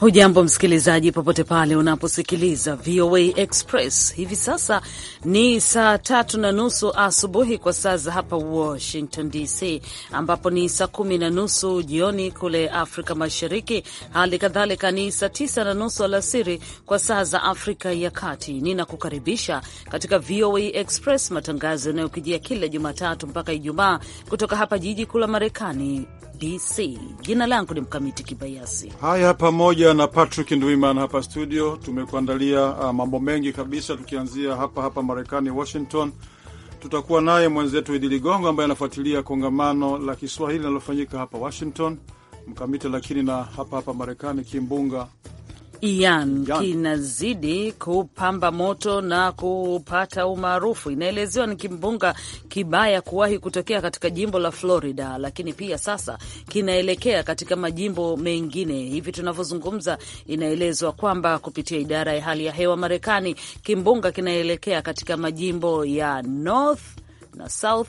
Hujambo msikilizaji, popote pale unaposikiliza VOA Express. Hivi sasa ni saa tatu na nusu asubuhi kwa saa za hapa Washington DC, ambapo ni saa kumi na nusu jioni kule Afrika Mashariki. Hali kadhalika ni saa tisa na nusu alasiri kwa saa za Afrika ya Kati. Ninakukaribisha katika VOA Express, matangazo yanayokijia kila Jumatatu mpaka Ijumaa kutoka hapa jiji kuu la Marekani, DC. Jina langu ni Mkamiti Kibayasi. Haya, pamoja na Patrick Ndwiman hapa studio tumekuandalia uh, mambo mengi kabisa, tukianzia hapa hapa Marekani, Washington. Tutakuwa naye mwenzetu Idi Ligongo ambaye anafuatilia kongamano la Kiswahili linalofanyika hapa Washington mkamiti, lakini na hapa hapa Marekani kimbunga Ian kinazidi kupamba moto na kupata umaarufu. Inaelezewa ni kimbunga kibaya kuwahi kutokea katika jimbo la Florida, lakini pia sasa kinaelekea katika majimbo mengine. Hivi tunavyozungumza, inaelezwa kwamba kupitia idara ya hali ya hewa Marekani, kimbunga kinaelekea katika majimbo ya North na South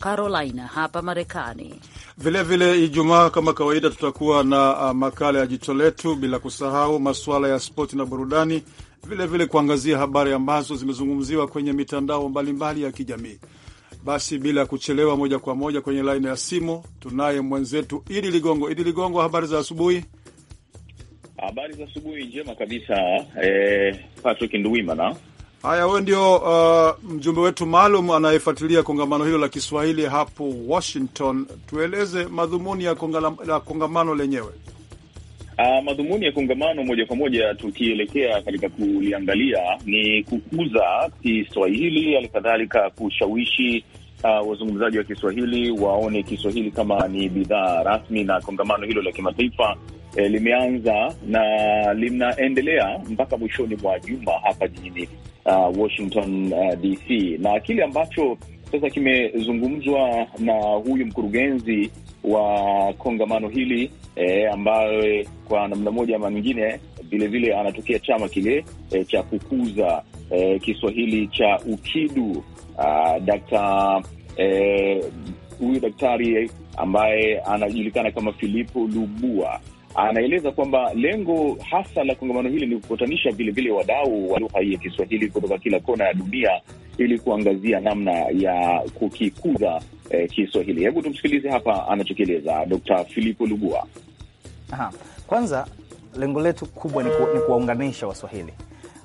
Carolina hapa Marekani. Vilevile Ijumaa kama kawaida, tutakuwa na uh, makala ya jicho letu, bila kusahau masuala ya spoti na burudani, vilevile vile kuangazia habari ambazo zimezungumziwa kwenye mitandao mbalimbali ya kijamii. Basi bila kuchelewa, moja kwa moja kwenye laini ya simu tunaye mwenzetu Idi Ligongo. Idi Ligongo, habari za asubuhi. Habari za asubuhi njema kabisa, eh, Patrick Nduwimana. Haya, huyo ndio uh, mjumbe wetu maalum anayefuatilia kongamano hilo la Kiswahili hapo Washington. Tueleze madhumuni ya la kongamano lenyewe. Uh, madhumuni ya kongamano moja kwa moja tukielekea katika kuliangalia ni kukuza Kiswahili, halikadhalika kushawishi uh, wazungumzaji wa Kiswahili waone Kiswahili kama ni bidhaa rasmi, na kongamano hilo la kimataifa eh, limeanza na linaendelea mpaka mwishoni mwa juma hapa jijini uh, Washington uh, DC, na kile ambacho sasa kimezungumzwa na huyu mkurugenzi wa kongamano hili e, ambaye kwa namna moja ama nyingine vilevile anatokea chama kile e, cha kukuza e, Kiswahili cha UKIDU. Uh, dakta huyu e, daktari ambaye anajulikana kama Filipo Lubua anaeleza kwamba lengo hasa la kongamano hili ni kukutanisha vilevile wadau wa lugha hii ya Kiswahili kutoka kila kona ya dunia ili kuangazia namna ya kukikuza eh, Kiswahili. Hebu tumsikilize hapa anachokieleza d Filipo Lugua. Aha. Kwanza lengo letu kubwa ni, ku, ni kuwaunganisha Waswahili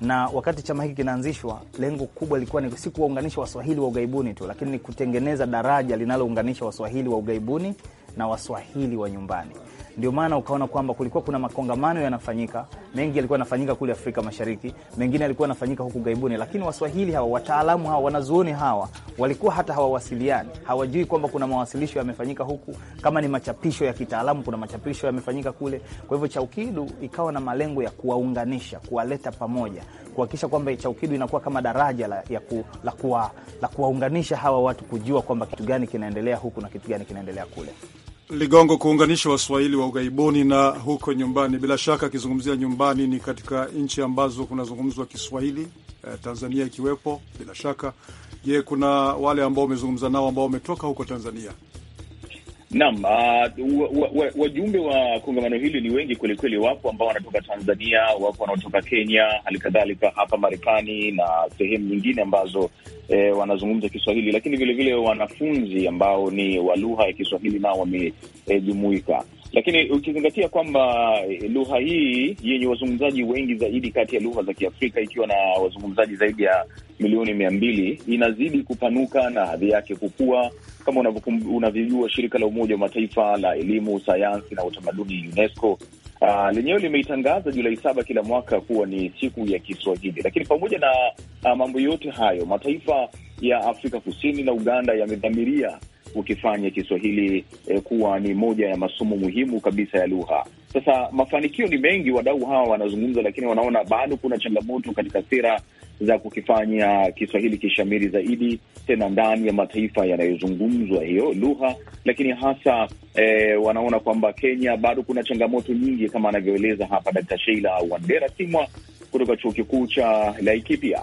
na wakati chama hiki kinaanzishwa, lengo kubwa ilikuwa ni si kuwaunganisha Waswahili wa ugaibuni tu, lakini ni kutengeneza daraja linalounganisha Waswahili wa ughaibuni na Waswahili wa nyumbani ndio maana ukaona kwamba kulikuwa kuna makongamano yanafanyika mengi, yalikuwa yanafanyika kule Afrika Mashariki, mengine yalikuwa yanafanyika huku gaibuni, lakini Waswahili hawa, wataalamu hawa, wanazuoni hawa walikuwa hata hawawasiliani, hawajui kwamba kuna mawasilisho yamefanyika huku, kama ni machapisho ya kitaalamu, kuna machapisho yamefanyika kule. Kwa hivyo CHAUKIDU ikawa na malengo ya kuwaunganisha, kuwaleta pamoja, kuhakikisha kwamba CHAUKIDU inakuwa kama daraja la, ku, la, kuwa, la kuwaunganisha hawa watu, kujua kwamba kitu gani kinaendelea huku na kitu gani kinaendelea kule. Ligongo kuunganisha waswahili wa ughaibuni na huko nyumbani. Bila shaka akizungumzia nyumbani ni katika nchi ambazo kunazungumzwa Kiswahili, eh, Tanzania ikiwepo bila shaka. Je, kuna wale ambao wamezungumza nao ambao wametoka huko Tanzania? Naam, wajumbe ah, wa, wa, wa kongamano hili ni wengi kwelikweli. Wapo ambao wanatoka Tanzania, wapo wanaotoka Kenya, hali kadhalika hapa Marekani na sehemu nyingine ambazo e, wanazungumza Kiswahili, lakini vilevile vile wanafunzi ambao ni wa lugha ya Kiswahili nao wamejumuika e, lakini ukizingatia kwamba e, lugha hii yenye wazungumzaji wengi zaidi kati ya lugha za Kiafrika ikiwa na wazungumzaji zaidi ya milioni mia mbili inazidi kupanuka na hadhi yake kukua. Kama unavyojua, shirika la Umoja wa Mataifa la elimu, sayansi na utamaduni UNESCO Uh, lenyewe limeitangaza Julai saba kila mwaka kuwa ni siku ya Kiswahili, lakini pamoja na uh, mambo yote hayo mataifa ya Afrika Kusini na Uganda yamedhamiria ukifanya Kiswahili eh, kuwa ni moja ya masomo muhimu kabisa ya lugha. Sasa mafanikio ni mengi, wadau hawa wanazungumza, lakini wanaona bado kuna changamoto katika sera za kukifanya Kiswahili kishamiri zaidi, tena ndani ya mataifa yanayozungumzwa hiyo lugha. Lakini hasa eh, wanaona kwamba Kenya bado kuna changamoto nyingi, kama anavyoeleza hapa Dkt. Sheila Wandera Simwa kutoka chuo kikuu cha Laikipia.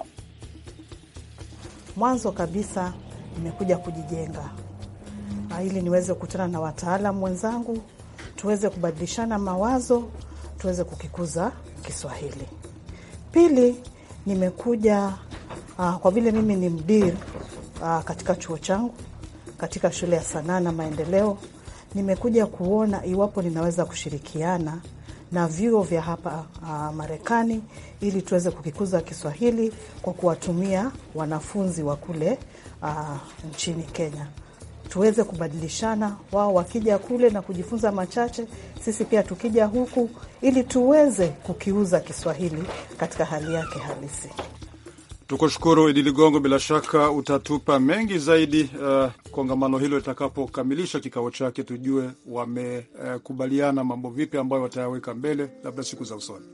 Mwanzo kabisa nimekuja kujijenga Ah, ili niweze kukutana na wataalam wenzangu, tuweze kubadilishana mawazo, tuweze kukikuza Kiswahili. Pili, nimekuja uh, kwa vile mimi ni mdir uh, ah, katika chuo changu katika shule ya sanaa na maendeleo, nimekuja kuona iwapo ninaweza kushirikiana na vyuo vya hapa uh, Marekani ili tuweze kukikuza Kiswahili kwa kuwatumia wanafunzi wa kule uh, nchini Kenya tuweze kubadilishana, wao wakija kule na kujifunza machache, sisi pia tukija huku, ili tuweze kukiuza Kiswahili katika hali yake halisi. Tukushukuru Idi Ligongo, bila shaka utatupa mengi zaidi uh, kongamano hilo litakapokamilisha kikao chake, tujue wamekubaliana uh, mambo vipi ambayo watayaweka mbele labda siku za usoni.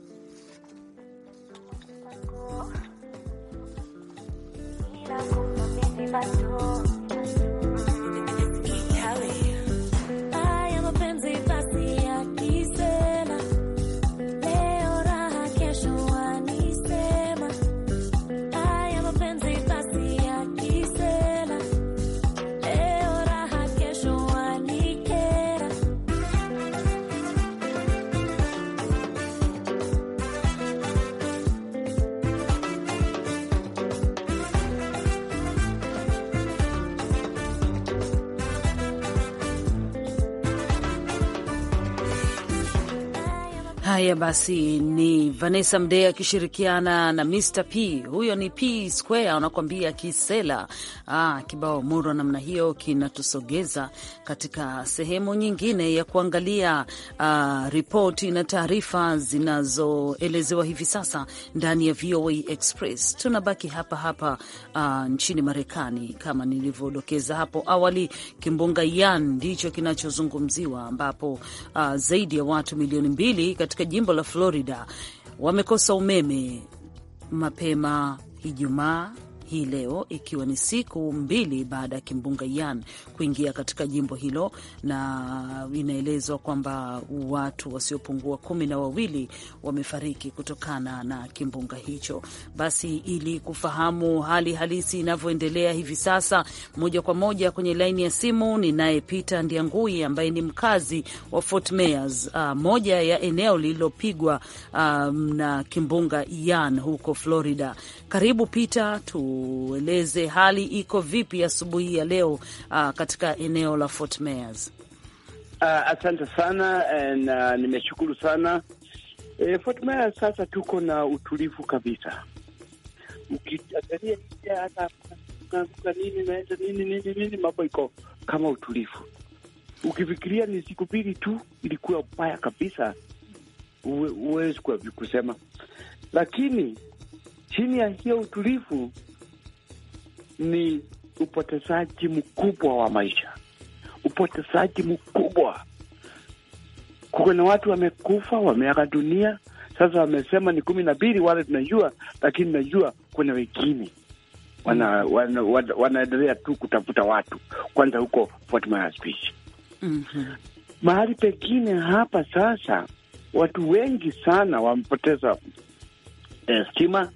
Haya basi, ni Vanessa Mdee akishirikiana na Mr P, huyo ni P Square anakuambia kisela. Ah, kibao murwa namna hiyo kinatusogeza katika sehemu nyingine ya kuangalia ah, ripoti na taarifa zinazoelezewa hivi sasa ndani ya VOA Express. Tunabaki hapa hapa ah, nchini Marekani. Kama nilivyodokeza hapo awali, kimbunga Yan ndicho kinachozungumziwa ambapo ah, zaidi ya watu milioni mbili katika katika jimbo la Florida wamekosa umeme mapema Ijumaa hii leo, ikiwa ni siku mbili baada ya kimbunga Yan kuingia katika jimbo hilo, na inaelezwa kwamba watu wasiopungua kumi na wawili wamefariki kutokana na kimbunga hicho. Basi ili kufahamu hali halisi inavyoendelea hivi sasa, moja kwa moja kwenye laini ya simu ninaye Peter Ndiangui ambaye ni mkazi wa Fort Myers, uh, moja ya eneo lililopigwa um, na kimbunga Yan huko Florida. Karibu Peter tu tueleze hali iko vipi asubuhi ya, ya leo uh, katika eneo la Fort Myers. Uh, asante sana eh, na uh, nimeshukuru sana e, Fort Myers sasa tuko na utulivu kabisa, mkiangalia nini naenda nini nini nini, mambo iko kama utulivu. Ukifikiria ni siku mbili tu ilikuwa mbaya kabisa, huwezi kusema, lakini chini ya hiyo utulivu ni upotezaji mkubwa wa maisha, upotezaji mkubwa. Kuna watu wamekufa, wameaga dunia. Sasa wamesema ni kumi na mbili wale tunajua, lakini najua kuna wengine wana, wana, wana, wanaendelea tu kutafuta watu kwanza huko Fort Myers Beach. mm -hmm. Mahali pengine hapa sasa, watu wengi sana wamepoteza eh, stima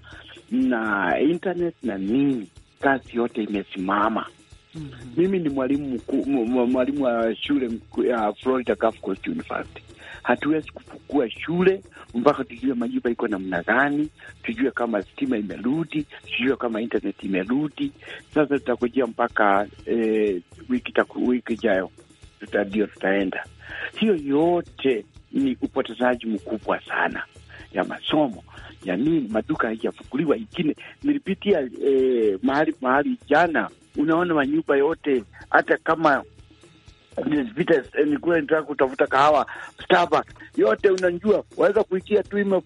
na internet na nini kazi yote imesimama. mm -hmm. Mimi ni mwalimu mkuu, mwalimu wa shule ya Florida Gulf Coast University. Hatuwezi kufukua shule mpaka tujue majumba iko namna gani, tujue kama stima imerudi, tujue kama internet imerudi. Sasa tutakujia mpaka eh, wiki wiki ijayo ndio tutaenda. Hiyo yote ni upotezaji mkubwa sana ya masomo nini maduka haijafunguliwa. Ingine nilipitia eh, mahali mahali jana, unaona manyumba yote, hata kama eh, eh, nikuwa nitaka kutafuta kahawa Starbucks, yote unajua waweza kuikia tu ime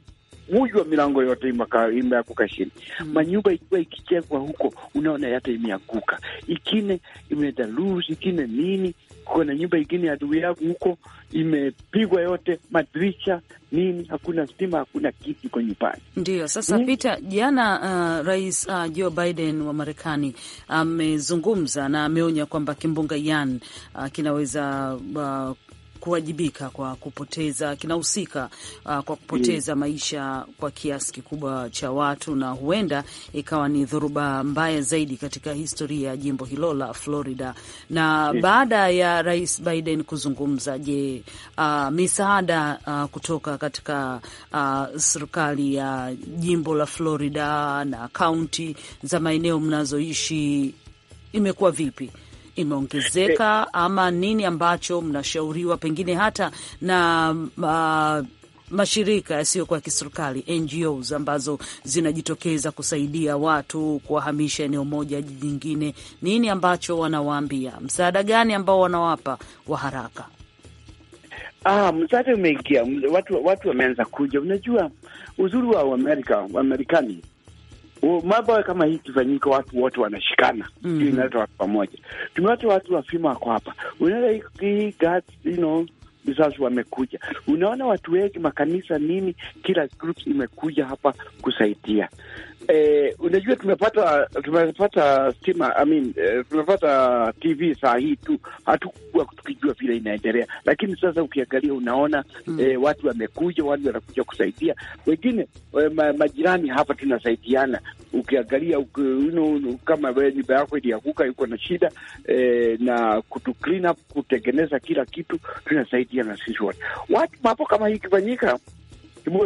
vunjwa milango yote imeanguka chini. Hmm. Manyumba ikiwa ikichengwa huko, unaona yata imeanguka, ikine imedharusi, ikine nini kuna na nyumba ingine ya ndugu yangu huko imepigwa yote, madirisha nini, hakuna stima, hakuna kitu iko nyumbani. ndio sasa hmm? Peter, jana uh, rais uh, Joe Biden wa Marekani amezungumza uh, na ameonya kwamba kimbunga Yan uh, kinaweza uh, kuwajibika kwa kupoteza kinahusika uh, kwa kupoteza mm. maisha kwa kiasi kikubwa cha watu, na huenda ikawa ni dhoruba mbaya zaidi katika historia ya jimbo hilo la Florida. Na mm. baada ya Rais Biden kuzungumza, je, uh, misaada uh, kutoka katika uh, serikali ya jimbo la Florida na kaunti za maeneo mnazoishi imekuwa vipi? imeongezeka eh. ama nini ambacho mnashauriwa pengine hata na uh, mashirika yasiyokuwa ya kiserikali NGOs ambazo zinajitokeza kusaidia watu kuwahamisha eneo moja hadi jingine, nini ambacho wanawaambia? Msaada gani ambao wanawapa wa haraka? Ah, msaada umeingia, watu watu wameanza kuja. Unajua uzuri wa Amerika, Wamarekani mambo kama hii ikifanyika, watu wote wanashikana, mm mm-hmm. -hmm. inaleta watu pamoja. Tumewacha watu wafima wako hapa, unaona hii you know vizazi wamekuja, unaona watu wengi, makanisa nini, kila imekuja hapa kusaidia Eh, unajua tumepata tumepata stima I mean, eh, tumepata TV saa hii tu, hatukuwa tukijua vile inaendelea, lakini sasa ukiangalia unaona mm. eh, watu wamekuja, watu wanakuja kusaidia wengine, eh, ma, majirani hapa tunasaidiana. Ukiangalia kama nyumba yako ilianguka yuko na shida eh, na kutu clean up kutengeneza kila kitu, tunasaidiana sisi wote watu. Mambo kama hii ikifanyika,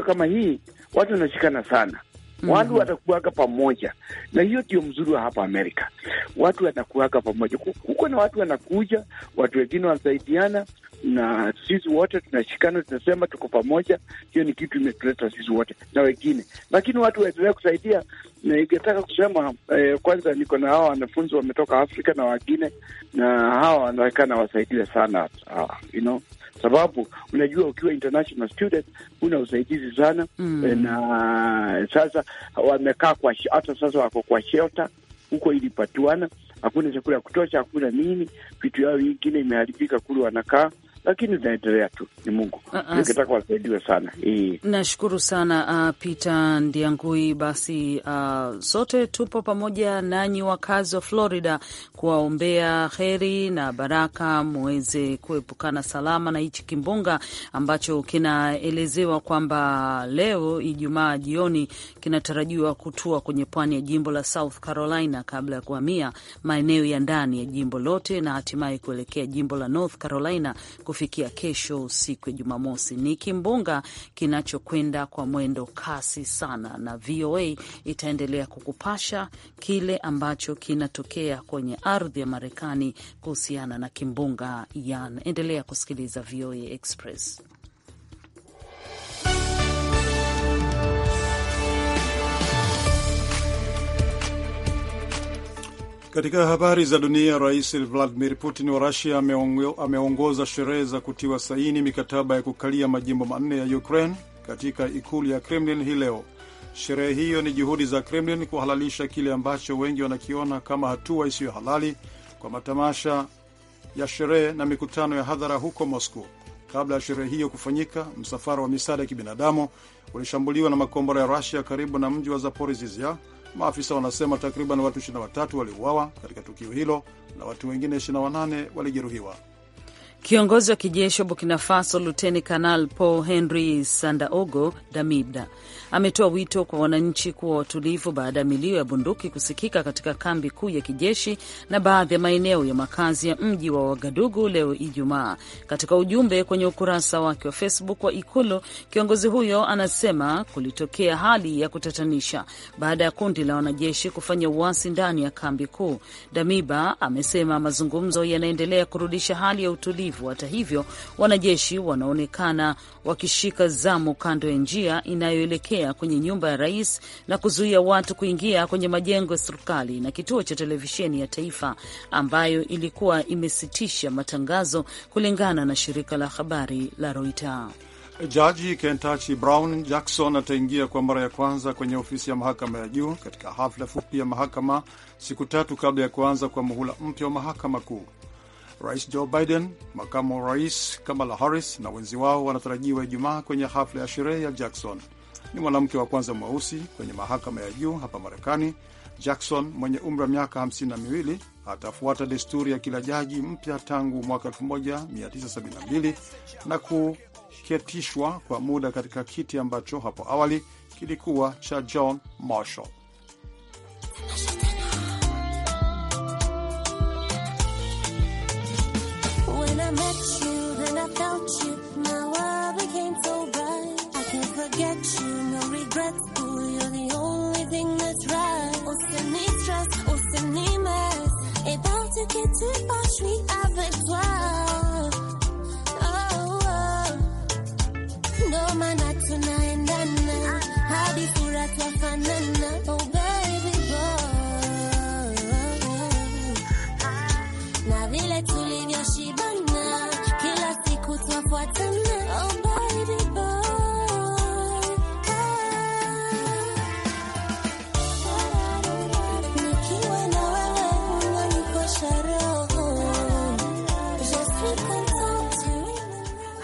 kama hii, watu wanashikana sana mm -hmm. Watu mhm. pamoja, na hiyo ndio mzuri wa hapa Amerika, watu watakuaga pamoja. Huko na watu wanakuja, watu wengine wanasaidiana, na sisi wote tunashikana, tunasema tuko pamoja. Hiyo ni kitu imetuleta sisi wote na wengine, lakini watu waendelea kusaidia. Na ingetaka kusema eh, kwanza niko na hawa wanafunzi wametoka Afrika na wengine, na hawa wanaonekana wasaidia sana uh, you know sababu unajua ukiwa international student una usaidizi sana mm. Eh, na sasa wamekaa kwa hata sasa wako kwa shelter huko ilipatuana, hakuna chakula ya kutosha, hakuna nini, vitu yao vingine imeharibika kule wanakaa lakini zinaendelea tu, ni Mungu ah, ah. nikitaka wasaidiwe sana. Nashukuru sana uh, Peter Ndiangui. Basi uh, sote tupo pamoja nanyi wakazi wa Florida kuwaombea heri na baraka, muweze kuepukana salama na hichi kimbunga ambacho kinaelezewa kwamba leo Ijumaa jioni kinatarajiwa kutua kwenye pwani ya jimbo la South Carolina kabla ya kuhamia maeneo ya ndani ya jimbo lote na hatimaye kuelekea jimbo la North Carolina kufikia kesho usiku ya Jumamosi. Ni kimbunga kinachokwenda kwa mwendo kasi sana, na VOA itaendelea kukupasha kile ambacho kinatokea kwenye ardhi ya Marekani kuhusiana na kimbunga Yan. Endelea kusikiliza VOA Express. Katika habari za dunia, Rais Vladimir Putin wa Rusia ameongoza sherehe za kutiwa saini mikataba ya kukalia majimbo manne ya Ukraine katika ikulu ya Kremlin hii leo. Sherehe hiyo ni juhudi za Kremlin kuhalalisha kile ambacho wengi wanakiona kama hatua isiyo halali kwa matamasha ya sherehe na mikutano ya hadhara huko Moscow. Kabla ya sherehe hiyo kufanyika, msafara wa misaada ya kibinadamu ulishambuliwa na makombora ya Rusia karibu na mji wa Zaporizhzhia Maafisa wanasema takriban watu 23 waliuawa katika tukio hilo na watu wengine 28 walijeruhiwa. Kiongozi wa kijeshi wa Burkina Faso Luteni Kanal Paul Henry Sandaogo Damibda ametoa wito kwa wananchi kuwa watulivu baada ya milio ya bunduki kusikika katika kambi kuu ya kijeshi na baadhi ya maeneo ya makazi ya mji wa Wagadugu leo Ijumaa. Katika ujumbe kwenye ukurasa wake wa Facebook wa Ikulu, kiongozi huyo anasema kulitokea hali ya kutatanisha baada ya kundi la wanajeshi kufanya uasi ndani ya kambi kuu. Damiba amesema mazungumzo yanaendelea kurudisha hali ya utulivu. Hata hivyo, wanajeshi wanaonekana wakishika zamu kando ya njia inayoelekea kuingia kwenye nyumba ya rais na kuzuia watu kuingia kwenye majengo ya serikali na kituo cha televisheni ya taifa ambayo ilikuwa imesitisha matangazo kulingana na shirika la habari la Reuters. Jaji Kentachi Brown Jackson ataingia kwa mara ya kwanza kwenye ofisi ya mahakama ya juu katika hafla fupi ya mahakama siku tatu kabla ya kuanza kwa muhula mpya wa mahakama kuu. Rais Joe Biden, makamu wa rais Kamala Harris na wenzi wao wanatarajiwa Ijumaa kwenye hafla ya sherehe ya Jackson ni mwanamke wa kwanza mweusi kwenye mahakama ya juu hapa Marekani. Jackson mwenye umri wa miaka hamsini na miwili atafuata desturi ya kila jaji mpya tangu mwaka 1972 na kuketishwa kwa muda katika kiti ambacho hapo awali kilikuwa cha John Marshall. na vile tulivyoshiba na kila siku twafuatana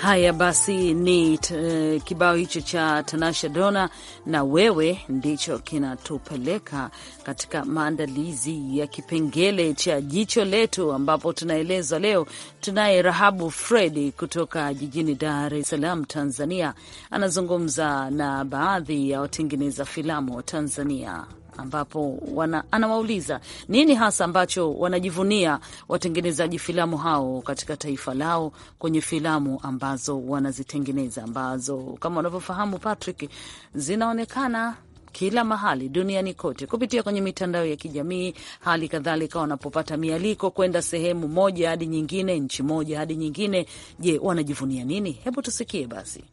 Haya basi, ni uh, kibao hicho cha Tanasha Dona na wewe ndicho kinatupeleka katika maandalizi ya kipengele cha jicho letu, ambapo tunaelezwa leo tunaye Rahabu Fredi kutoka jijini Dar es Salaam, Tanzania. Anazungumza na baadhi ya watengeneza filamu wa Tanzania ambapo wana, anawauliza nini hasa ambacho wanajivunia watengenezaji filamu hao katika taifa lao kwenye filamu ambazo wanazitengeneza ambazo kama wanavyofahamu Patrick, zinaonekana kila mahali duniani kote kupitia kwenye mitandao ya kijamii, hali kadhalika wanapopata mialiko kwenda sehemu moja hadi nyingine, nchi moja hadi nyingine. Je, wanajivunia nini? Hebu tusikie basi.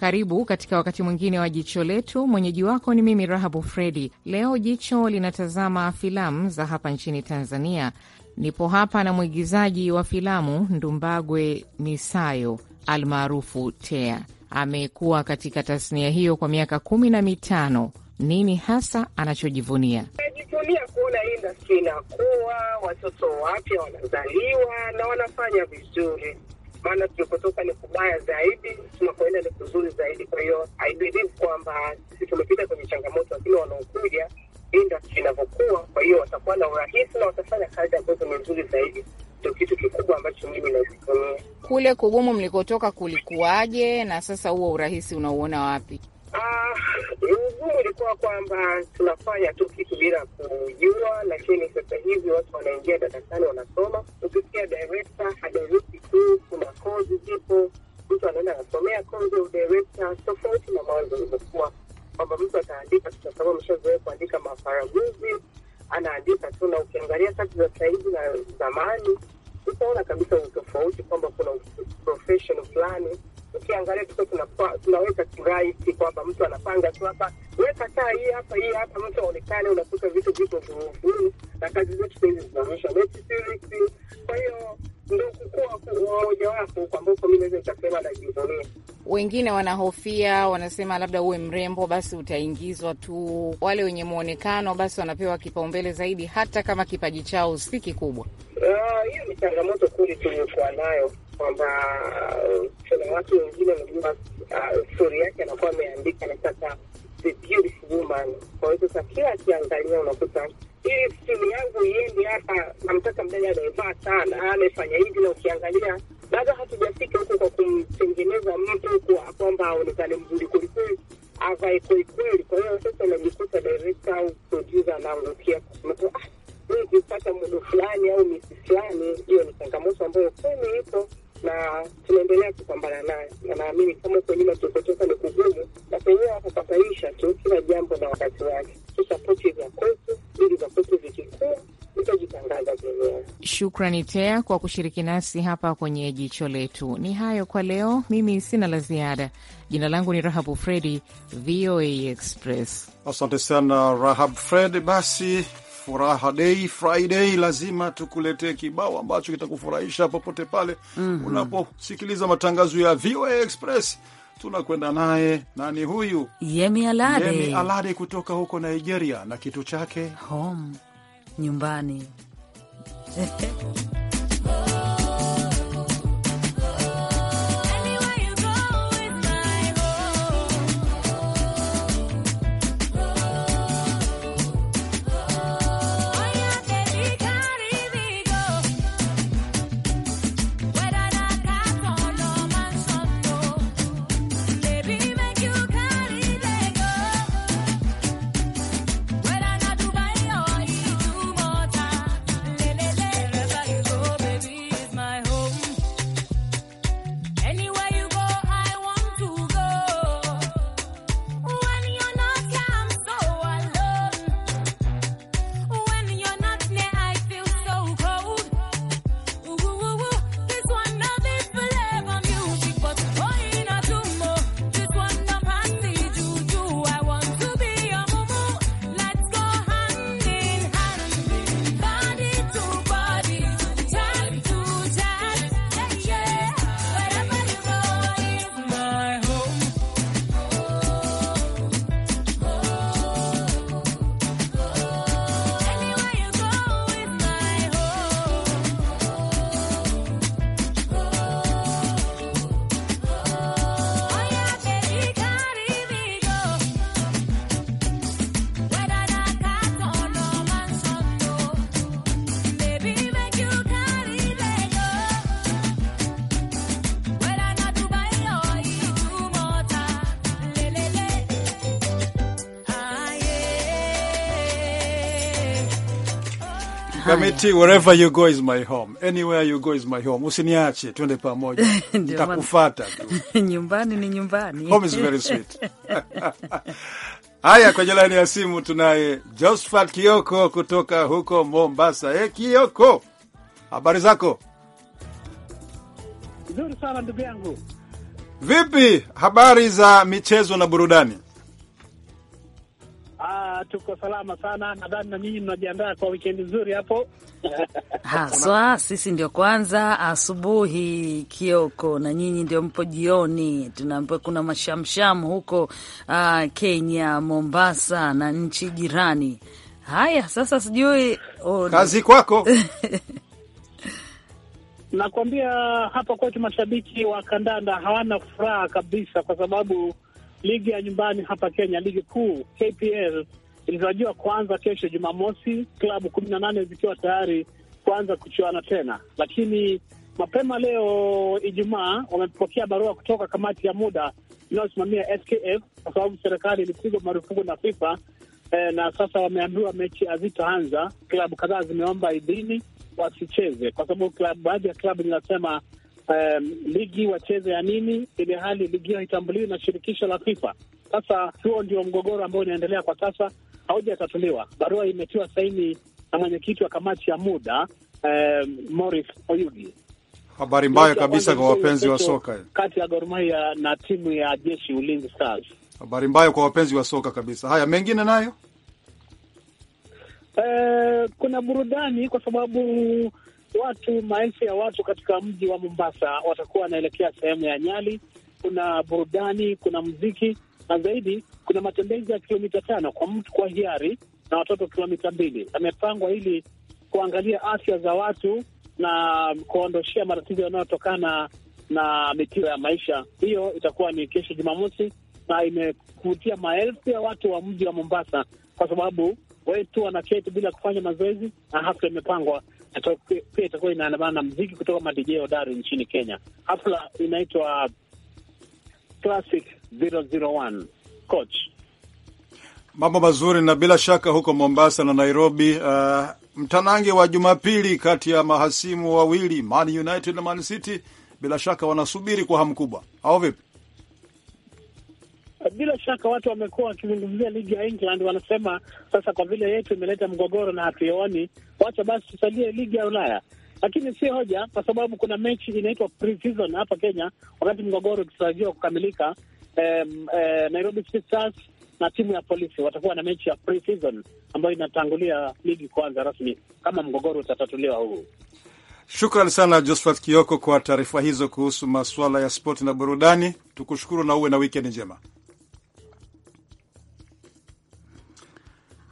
Karibu katika wakati mwingine wa Jicho Letu. Mwenyeji wako ni mimi Rahabu Fredi. Leo jicho linatazama filamu za hapa nchini Tanzania. Nipo hapa na mwigizaji wa filamu Ndumbagwe Misayo almaarufu Tea. Amekuwa katika tasnia hiyo kwa miaka kumi na mitano. Nini hasa anachojivunia? Najivunia kuona industry inakuwa, watoto wapya wanazaliwa na wanafanya vizuri maana tunapotoka ni kubaya zaidi, tunakoenda ni kuzuri zaidi. Kwa hiyo haibelivu kwamba sisi tumepita kwenye changamoto, lakini wanaokuja industry inavyokuwa, kwa hiyo watakuwa na urahisi na watafanya kazi ambazo ni nzuri zaidi. Ndio kitu kikubwa ambacho mimi nazitumia. Kule kugumu mlikotoka kulikuwaje, na sasa huo urahisi unauona wapi? Ah, ugumu uh, ilikuwa kwamba tunafanya tu kitu bila kujua, lakini sasa hivi watu wanaingia darasani wanasoma ukisikia direkta hadirusi tu. Kuna kozi zipo, mtu anaenda anasomea kozi ya udirekta tofauti na mwanzo ulivyokuwa kwamba mtu ataandika tu, kwa sababu ameshazoea kuandika mafaraguzi, anaandika tu, na ukiangalia kazi za sahizi na zamani utaona kabisa utofauti kwamba kuna profession fulani ukiangalia tulikuwa tunaweka kirahisi kwamba mtu anapanga tu hapa, weka saa hii hapa, hii hapa, mtu aonekane, unakuta vitu viko vuruvuru, na kazi zetu sahizi zinaonyesha mechi series. Kwa hiyo ndo kukua mmoja mojawapo huko, ambapo mi naweza nikasema najivunia. Wengine wanahofia wanasema, labda uwe mrembo basi utaingizwa tu, wale wenye mwonekano basi wanapewa kipaumbele zaidi, hata kama kipaji chao si kikubwa. Ah, hiyo uh, ni changamoto kuli tuliokuwa nayo kwamba uh, kuna watu wengine, mjua uh, stori yake anakuwa ameandika nataka the beautiful woman. Kwa hiyo sasa kila akiangalia unakuta ili eh, simu yangu iende hapa, namtaka mdada amevaa sana, amefanya hivi, na ukiangalia bado hatujafika huko kwa kumtengeneza mtu kwa kwamba aonekane mzuri kwelikweli, avae kwelikweli. Kwa hiyo sasa unajikuta direkta au produsa anaangukia kusema ah, mi kupata mudu fulani au misi fulani. Hiyo ni changamoto ambayo kweli ipo na tunaendelea kupambana nayo, na naamini kama huko nyuma tulikotoka ni kugumu, na penyewe watapasaisha tu kila jambo na wakati wake. Tusapoti vya kwetu ili vya kwetu vikikua Shukrani TEA kwa kushiriki nasi hapa kwenye jicho letu. Ni hayo kwa leo, mimi sina la ziada. Jina langu ni Rahabu Fredi, VOA Express. Asante sana Rahab Fred. Basi furaha dei Friday, lazima tukuletee kibao ambacho kitakufurahisha popote pale mm -hmm. unaposikiliza matangazo ya VOA Express. Tunakwenda naye nani huyu? Yemi Alade. Yemi Alade kutoka huko Nigeria na kitu chake home, nyumbani Kamiti, wherever you go is my home. Anywhere you go is my home. Usiniache, twende pamoja. Nitakufuata tu. Nyumbani ni nyumbani. Home is very sweet. Haya, kwenye laini ya simu tunaye Josephat Kioko kutoka huko Mombasa. Hey, Kioko. Habari zako? Nzuri sana ndugu yangu. Vipi habari za michezo na burudani? tuko salama sana. Nadhani na nyinyi mnajiandaa kwa wikendi nzuri hapo haswa. Sisi ndio kwanza asubuhi, Kioko, na nyinyi ndio mpo jioni. Tunaambiwa kuna mashamsham huko uh, Kenya, Mombasa na nchi jirani. Haya, sasa sijui oh, kazi kwako Nakwambia hapa kwetu mashabiki wa kandanda hawana furaha kabisa, kwa sababu ligi ya nyumbani hapa Kenya, ligi kuu KPL, ilitarajiwa kuanza kesho Jumamosi, klabu kumi na nane zikiwa tayari kuanza kuchuana tena, lakini mapema leo Ijumaa wamepokea barua kutoka kamati ya muda inayosimamia SKF kwa sababu serikali ilipigwa marufuku na FIFA eh, na sasa wameambiwa mechi hazitaanza. Klabu kadhaa zimeomba idhini wasicheze kwa sababu baadhi ya klabu zinasema um, ligi wacheze ya nini, ili hali ligi hiyo haitambuliwi na shirikisho la FIFA. Sasa huo ndio mgogoro ambao unaendelea kwa sasa, haujatatuliwa. Barua imetiwa saini na mwenyekiti wa kamati ya muda eh, Morris Oyugi. Habari mbaya kabisa kwa wapenzi wa soka kati ya Gor Mahia na timu ya jeshi Ulinzi Stars. Habari mbaya kwa wapenzi wa soka kabisa. Haya, mengine nayo eh, kuna burudani kwa sababu watu, maelfu ya watu katika mji wa Mombasa watakuwa wanaelekea sehemu ya Nyali. Kuna burudani, kuna mziki na zaidi kuna matembezi ya kilomita tano kwa mtu kwa hiari na watoto kilomita mbili amepangwa ili kuangalia afya za watu na kuondoshea matatizo yanayotokana na mitiro ya maisha. Hiyo itakuwa ni kesho Jumamosi, na imevutia maelfu ya watu wa mji wa Mombasa kwa sababu wetu wanaketi bila kufanya mazoezi, na hafla imepangwa pia itakuwa inaandamana na mziki kutoka madijeo dari nchini Kenya. Hafla inaitwa Classic 001 coach. Mambo mazuri na bila shaka huko Mombasa na Nairobi, uh, mtanange wa Jumapili kati ya mahasimu wawili Man United na Man City bila shaka wanasubiri kwa hamu kubwa, au vipi? Bila shaka watu wamekuwa wakizungumzia ligi ya England, wanasema sasa, kwa vile yetu imeleta mgogoro na hatuioni, wacha basi tusalie ligi ya Ulaya lakini si hoja, kwa sababu kuna mechi inaitwa pre-season hapa Kenya, wakati mgogoro ukitarajiwa kukamilika. Um, uh, Nairobi City Stars na timu ya polisi watakuwa na mechi ya pre-season ambayo inatangulia ligi kuanza rasmi, kama mgogoro utatatuliwa huu. Shukran sana Josphat Kioko kwa taarifa hizo kuhusu masuala ya spoti na burudani. Tukushukuru na uwe na wikendi njema.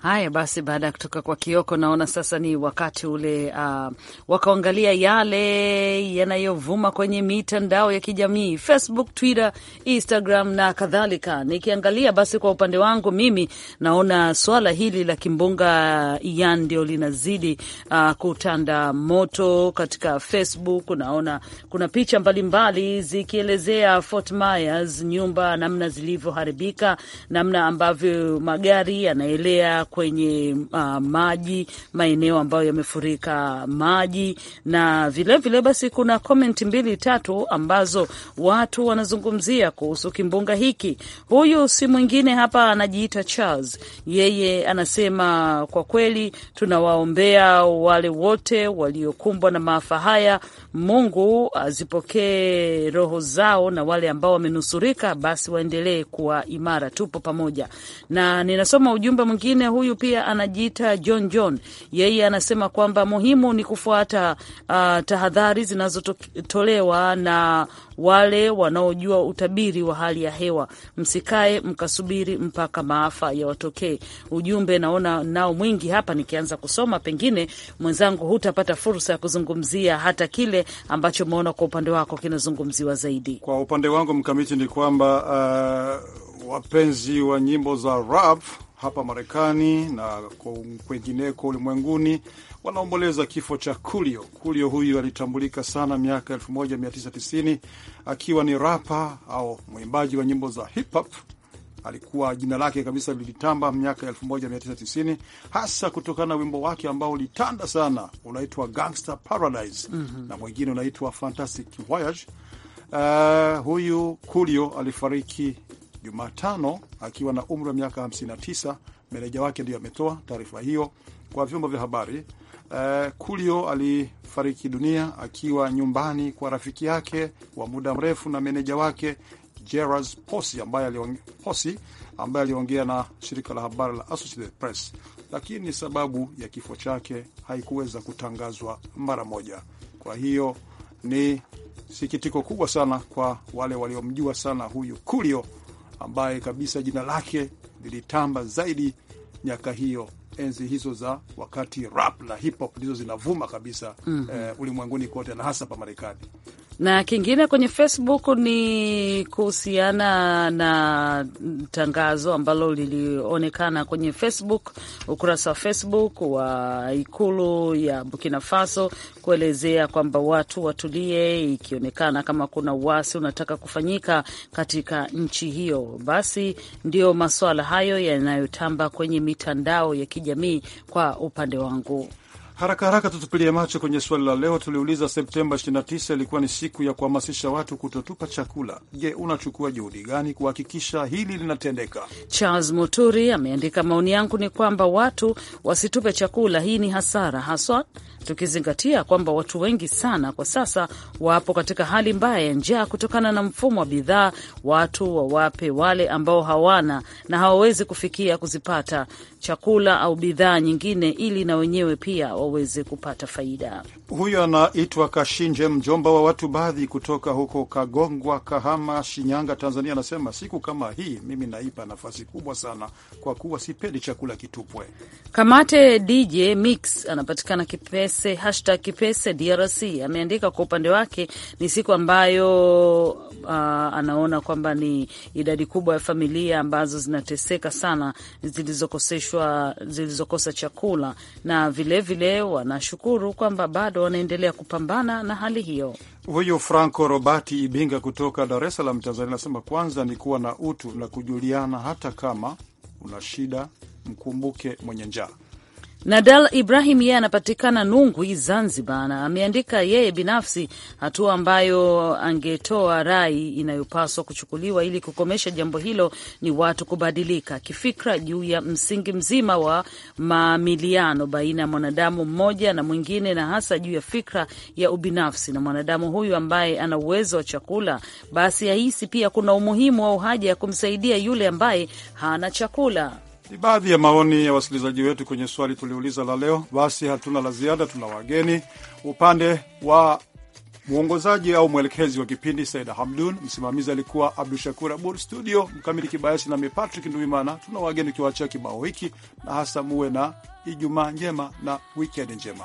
Haya basi, baada ya kutoka kwa Kioko, naona sasa ni wakati ule uh, wakaangalia yale yanayovuma kwenye mitandao ya kijamii Facebook, Twitter, Instagram na kadhalika. Nikiangalia basi kwa upande wangu mimi naona swala hili la kimbunga Ian ndio linazidi uh, kutanda moto katika Facebook. Naona kuna picha mbalimbali zikielezea Fort Myers, nyumba namna zilivyoharibika, namna ambavyo magari yanaelea kwenye uh, maji, maeneo ambayo yamefurika maji, na vilevile vile basi kuna komenti mbili tatu ambazo watu wanazungumzia kuhusu kimbunga hiki. Huyu si mwingine hapa, anajiita Charles, yeye anasema kwa kweli tunawaombea wale wote waliokumbwa na maafa haya, Mungu azipokee roho zao, na wale ambao wamenusurika basi waendelee kuwa imara. Tupo pamoja. Na ninasoma ujumbe mwingine huyu pia anajiita John John, yeye anasema kwamba muhimu ni kufuata uh, tahadhari zinazotolewa na wale wanaojua utabiri wa hali ya hewa. Msikae mkasubiri mpaka maafa yawatokee. Ujumbe naona nao mwingi hapa, nikianza kusoma pengine mwenzangu hutapata fursa ya kuzungumzia hata kile ambacho umeona kwa upande wako kinazungumziwa zaidi. Kwa upande wangu mkamiti ni kwamba uh, wapenzi wa nyimbo za rap hapa Marekani na kwengineko ulimwenguni wanaomboleza kifo cha Kulio. Kulio huyu alitambulika sana miaka 1990 akiwa ni rapa au mwimbaji wa nyimbo za hip hop. Alikuwa jina lake kabisa lilitamba miaka 1990 hasa kutokana na wimbo wake ambao ulitanda sana unaitwa Gangster Paradise mm -hmm. na mwingine unaitwa Fantastic Voyage. Uh, huyu Kulio alifariki Jumatano akiwa na umri wa miaka 59. Meneja wake ndiyo ametoa taarifa hiyo kwa vyombo vya habari. Uh, Kulio alifariki dunia akiwa nyumbani kwa rafiki yake wa muda mrefu na meneja wake Gerard Posi ambaye aliongea Posi ambaye aliongea na shirika la habari la Associated Press, lakini sababu ya kifo chake haikuweza kutangazwa mara moja. Kwa hiyo ni sikitiko kubwa sana kwa wale waliomjua sana huyu Kulio ambaye kabisa jina lake lilitamba zaidi miaka hiyo, enzi hizo za wakati rap na hip hop ndizo zinavuma kabisa mm -hmm. eh, ulimwenguni kote na hasa pa Marekani na kingine kwenye Facebook ni kuhusiana na tangazo ambalo lilionekana kwenye Facebook, ukurasa wa Facebook wa ikulu ya Burkina Faso kuelezea kwamba watu watulie, ikionekana kama kuna uasi unataka kufanyika katika nchi hiyo. Basi ndiyo masuala hayo yanayotamba kwenye mitandao ya kijamii kwa upande wangu. Haraka haraka tutupilie macho kwenye swali la leo. Tuliuliza, Septemba 29 ilikuwa ni siku ya kuhamasisha watu kutotupa chakula. Je, unachukua juhudi gani kuhakikisha hili linatendeka? Charles Muturi ameandika, maoni yangu ni kwamba watu wasitupe chakula. Hii ni hasara haswa tukizingatia kwamba watu wengi sana kwa sasa wapo katika hali mbaya ya njaa kutokana na mfumo wa bidhaa. Watu wawape wale ambao hawana na hawawezi kufikia kuzipata chakula au bidhaa nyingine, ili na wenyewe pia waweze kupata faida. Huyo anaitwa Kashinje, mjomba wa watu baadhi kutoka huko Kagongwa, Kahama, Shinyanga, Tanzania. Anasema siku kama hii mimi naipa nafasi kubwa sana kwa kuwa sipendi chakula kitupwe. Kamate DJ Mix anapatikana Kipese, hashtag Kipese DRC, ameandika kwa upande wake ni siku ambayo uh, anaona kwamba ni idadi kubwa ya familia ambazo zinateseka sana zilizokoseshwa zilizokosa zilizokosa chakula, na vilevile wanashukuru kwamba bado wanaendelea kupambana na hali hiyo. Huyu Franco Robati Ibinga kutoka Dar es Salaam, Tanzania, anasema kwanza ni kuwa na utu na kujuliana, hata kama una shida mkumbuke mwenye njaa. Nadal Ibrahim yeye anapatikana Nungwi, Zanzibar, na ameandika yeye binafsi, hatua ambayo angetoa rai inayopaswa kuchukuliwa ili kukomesha jambo hilo ni watu kubadilika kifikra juu ya msingi mzima wa maamiliano baina ya mwanadamu mmoja na mwingine, na hasa juu ya fikra ya ubinafsi. Na mwanadamu huyu ambaye ana uwezo wa chakula, basi ahisi pia kuna umuhimu au haja ya kumsaidia yule ambaye hana chakula. Ni baadhi ya maoni ya wasikilizaji wetu kwenye swali tuliuliza la leo. Basi hatuna la ziada, tuna wageni upande wa mwongozaji au mwelekezi wa kipindi Saida Hamdun, msimamizi alikuwa Abdu Shakur Abud, studio Mkamili Kibayasi nami Patrick Nduimana. Tuna wageni ukiwaachia kibao hiki, na hasa muwe na Ijumaa njema na wikendi njema.